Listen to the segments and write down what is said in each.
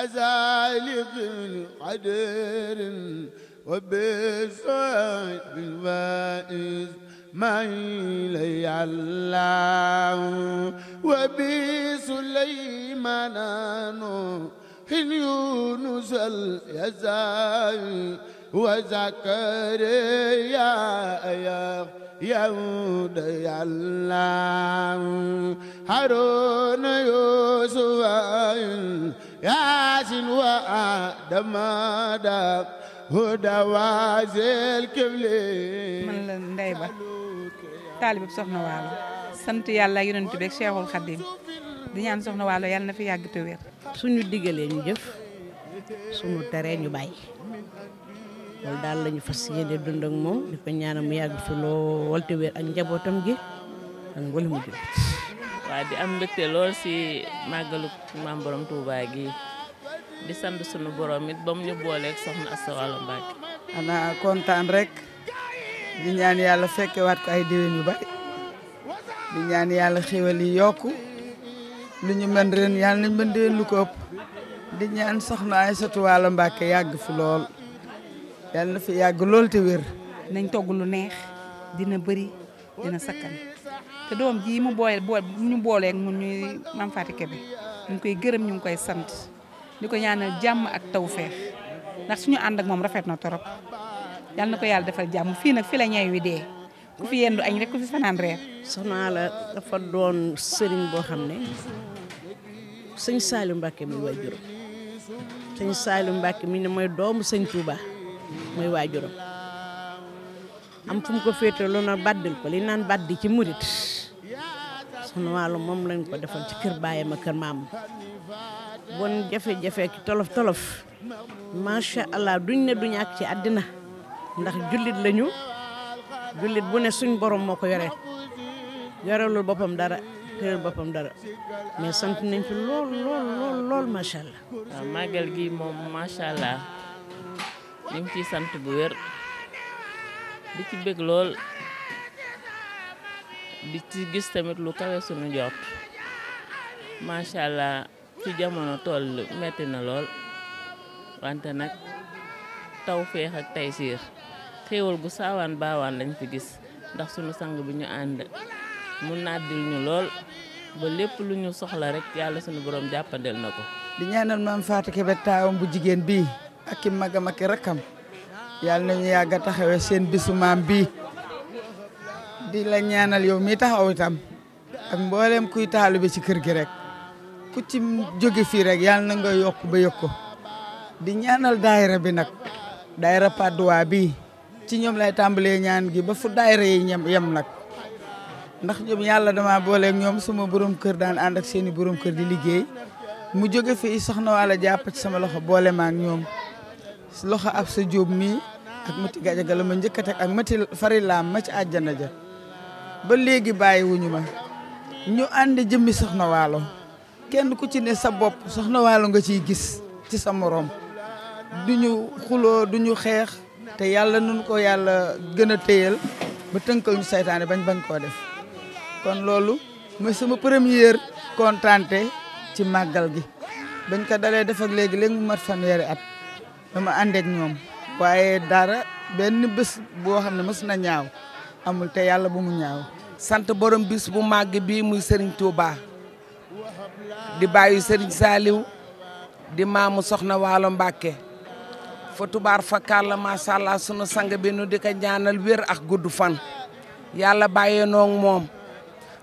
العزالق القدر وبالصعد بالفائز ما إلي الله وبسليمان نوح يونس اليزاي وزكريا يا يهود يا الله هارون يوسف ياسين وآدم آدم هدى وازل كبلي man la Ndeye Ba taalibe bu Soxna Waalo sant yàlla yonent bi ak Cheikhul Khadim di ñaan Soxna Waalo yàlla na fi yàgg te wér suñu digalee ñu jëf suñu teree ñu bàyyi loolu daal lañu ñu fas yéene dund ak moom di ko ñaanal mu yàgg fi lool te wér ak njabootam gi ak ngóli mu jullit waaye di am mbégte lool si màggalu maam borom Touba gi di sant sunu borom it ba mu ñu booleeg soxna Asta Walo Mbacke. ana kontaan rek di ñaan yàlla fekke waat ay déwén yu bari di ñaan yàlla xéwal yi yokk lu ñu mën ren yàlla nañ mën déwén lu ko di ñaan soxna Aysatu Walo Mbacke yàgg fi lool yàlla na fi yàgg lool te wér. nañ togg lu neex dina bëri dina sakkan. te doom ji mu booyee boo ñu booleeg ñun ñuy Mame Faty Kébé ñu ngi koy gërëm ñu ngi koy sant di ko ñaanal jàmm ak tawféex ndax suñu ànd ak moom rafet na torop yal na ko yàlla defal jàmm fii nag fi la ñay wi dee ku fi yendu añ rek ku fi fanaan reer. soxnaa la dafa doon sëriñ boo xam ne sëñ Saliou Mbacke mi waajuram sëñ Saliou Mbacke mi ne mooy doomu sëñ Touba mooy waajuram am fu mu ko féete lu na baddil ko li naan baddi ci murit sunu wàllu moom lañ ko defal ci kër baayam ma kër maam bon jafe-jafe ki tolof tolof macha allah duñ ne du ak ci àddina ndax jullit lañu jullit bu ne suñ borom moo ko yore yorelul boppam dara kër boppam dara mais sant nañ ci lool lool lool lool macha allah. waaw màggal gi moom macha allah ñu ngi ciy sant bu wér di ci bëgg lool. di ci gis tamit lu kawe suñu jot macha allah ci jamono toll metti na lool wante nag taw feex ak tay siir xéewal gu saawaan baawaan lañ fi gis ndax suñu sang bi ñu ànd mu nàddil ñu lool ba lépp lu ñu soxla rek yàlla suñu borom jàppandel na di ñaanal Fatou taawam bu ak magam ak seen bisu maam di la ñaanal yow mi taxaw itam ak mboolem kuy taalibe ci kër gi rek ku ci jóge fi rek na nga yok ba yok di ñaanal daaira bi nag daayira Padois bi ci ñom lay tambalé ñaan gi ba fu daaira yi ñam yam nak ndax ñom yalla dama ak ñom suma borom kër daan and ak seeni borom kër di liggéey mu jóge fi soxna wala japp ci sama loxo bolé ma ak ñom loxo ab sa job mi ak mati gajaga ma ñëkkat ak mati farilam ma ci aljana ja ba léegi bàyyiwuñu ma ñu ànd jëmmi soxnawaalo kenn ku ci ne sa bopp soxna waalo nga ciy gis ci sa moroom duñu xuloo duñu xeex te yàlla nun ko yàlla gën a téyel ba tënkal ñu seytaane bañ bañ koo def kon loolu ma sama première kontaante ci màggal gi bañ ko dalee def ak léegi léegi mu mat fanweeri at dama àndeek ñoom waaye daara benn bés boo xam ne mës na ñaaw amul te yàlla bu mu ñaaw sant borom bis bu màgg bi muy sëriñ tuubaa di bàyyi sëriñ Saliou di maamu soxna waalo Mbàkke fa tubaar fa kàlla macha sunu sang bi nu di ko ñaanal wér ak gudd fan yàlla bàyyee noog moom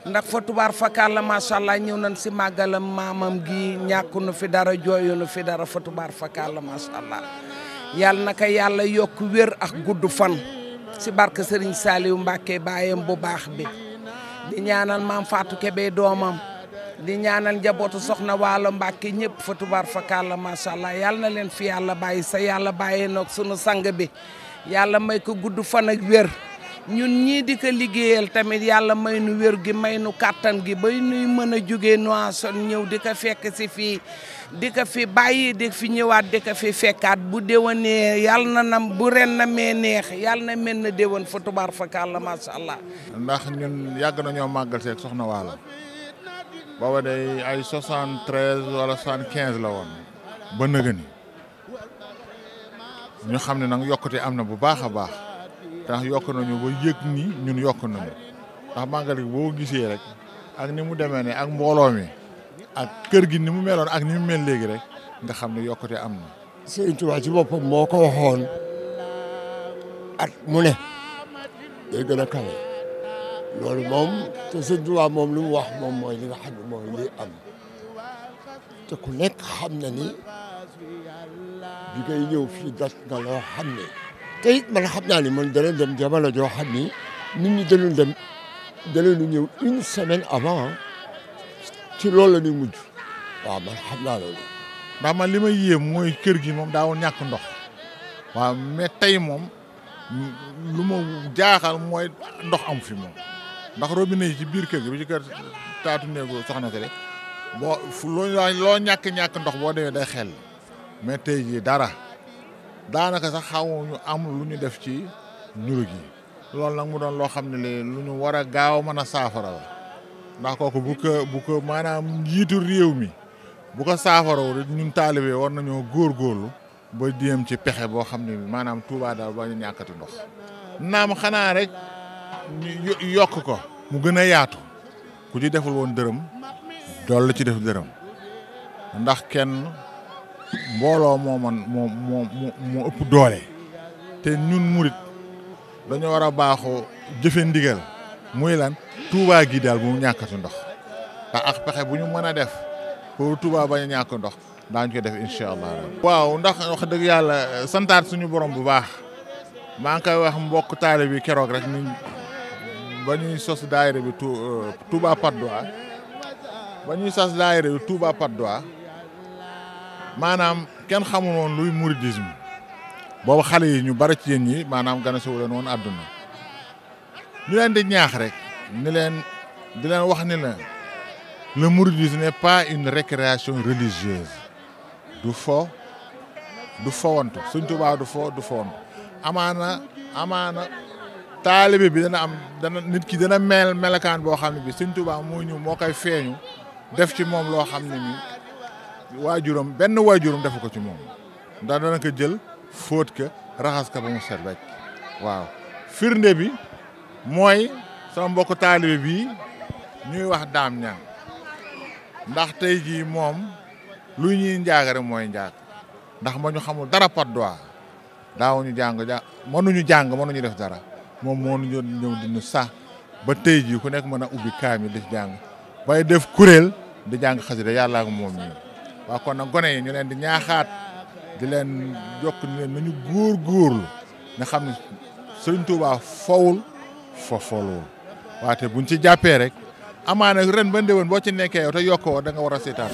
ndax fa tubaar fa kàlla macha allah ñëw nañ si màggalam maamam gi ñàkku nu fi dara jooyu fi dara fa tubaar fa kàlla macha allah yàlla naka yàlla yokk wér ak gudd fan si barke Serigne Saliou mbake baayam bu baax bi di ñaanal maam Fatou Kébé doomam di ñaanal njabootu soxna waalo Mbacke ñëpp fa tubaar fa kàlla macha allah yal na leen fi yàlla bàyyi sa yàlla bàyyi noog sunu sang bi yàlla may ko gudd fan ak wér. ñun ñii di ko liggéeyal tamit yàlla may nu wér gi may nu kàttan gi bay nuy mën a jógee Noison ñëw di ko fekk si fii di ko fi bàyyi di fi ñëwaat di ko fi fekkaat bu déwénee yàlla na nam bu ren na mee neex yàlla na mel na déwén fa tubaar fa kàlla macha allah. ndax ñun yàgg nañoo màggal seeg soxna Waalo booba day ay 73 wala 75 la woon ba nëgëni ñu xam ne nag yokkute am na bu baax a baax. tax yokk nañu ba yëg ni ñun yokk nañu ndax màggal gi boo gisee rek ak ni mu demee ni ak mbooloo mi ak kër gi ni mu meloon ak ni mu mel léegi rek nga xam ne yokkute am na. Sëriñ Tuubaa ci boppam moo ko waxoon ak mu ne day gën a kawe loolu moom te Sëriñ Tuubaa moom lu mu wax moom mooy li nga xam ne mooy li am te ku nekk xam na ni bi ngay ñëw fii dat nga loo xam ne. te it man xam naa ni man dana dem jamono joo xam ni nit ñi dana dem dana lu ñëw une semaine avant ci loolu la ñuy mujj waaw man xam naa loolu. ndax man li may yéem mooy kër gi moom daawoon ñàkk ndox waaw mais moom lu ma jaaxal mooy ndox am fi moom ndax robinet yi ci biir kër gi bi ci kër taatu néegu soxna si rek loo loo ñàkk ñàkk ndox boo demee day xel mais tey jii dara. daanaka sax xaw ñu am lu ñu def ci ñuru gi loolu nag mu doon loo xam ne li lu ñu war a gaaw mën a saafara la ndax kooku bu ko bu ko maanaam njiitu réew mi bu ko saafaraw rek ñun taalibe war góor góorlu ba jéem ci pexe boo xam ne maanaam tuubaa daal ba ñu ñàkkati ndox naam xanaa rek yokk ko mu gën a yaatu ku ci deful woon dërëm dool la ci def dërëm ndax kenn mbooloo moo man moo moo ëpp doole te ñun murit dañoo war a baaxoo jëfe ndigal muy lan Touba gi daal bu mu ndox te ak pexe bu ñu mën a def pour Touba bañ a ñàkk ndox daañu ko def incha allah. waaw ndax wax dëgg yàlla santaat suñu borom bu baax maa ngi koy wax mbokk taale bi keroog rek ñu ba ñuy sos daayira bi Touba euh, Patte d'Oie ba ñuy sos daayira bi Touba Patte maanaam kenn xamul woon luy mouridisme boobu xale yi ñu bari ci yéen ñi maanaam gane sewu leen woon àdduna ñu leen di ñaax rek ni leen di leen wax ni la le mouridisme n'est pas une récréation religieuse du fo du fowantu Sëñ Tuubaa du fo du fowantu amaana amaana taalibe bi dana am dana nit ki dana mel melakaan boo xam ne bi Sëñ Tuubaa moo ñëw moo koy feeñu def ci moom loo xam ne nii waajuram benn waajuram defu ko ci moom ndax dana ko jël fóot ka raxas ka ba mu set rek waaw firnde bi mooy sama mbokku taalibe bi ñuy wax daam ñaan ndax tey jii moom lu ñuy njaagare mooy njaag ndax ma ñu xamul dara Patte d'Oie daawuñu jàng ja mënuñu jàng ma ñu def dara moom moo ñu ñu sax ba tey jii ku nekk mën a ubbi kaam di jàng bay def kuréel di jàng xasida yàlla ak moom ñi waaw kon nag gone yi ñu leen di ñaaxaat di leen jokk ni leen nañu góor góorlu nga xam ni sëriñ Tuubaa fowul fa folul waate buñ ci jàppee rek amaana ren ba ndéwén boo ci nekkee yow te yokkoo da nga war a seetaan